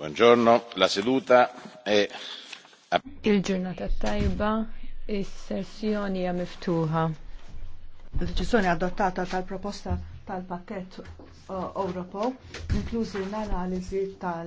Buongiorno, la seduta è... Il-ġurnata tajba, is-sessjoni hija miftuħa. il Deċiżjoni adottata tal-proposta tal-pakket eh, Ewropew, inklużi l-analiżi tal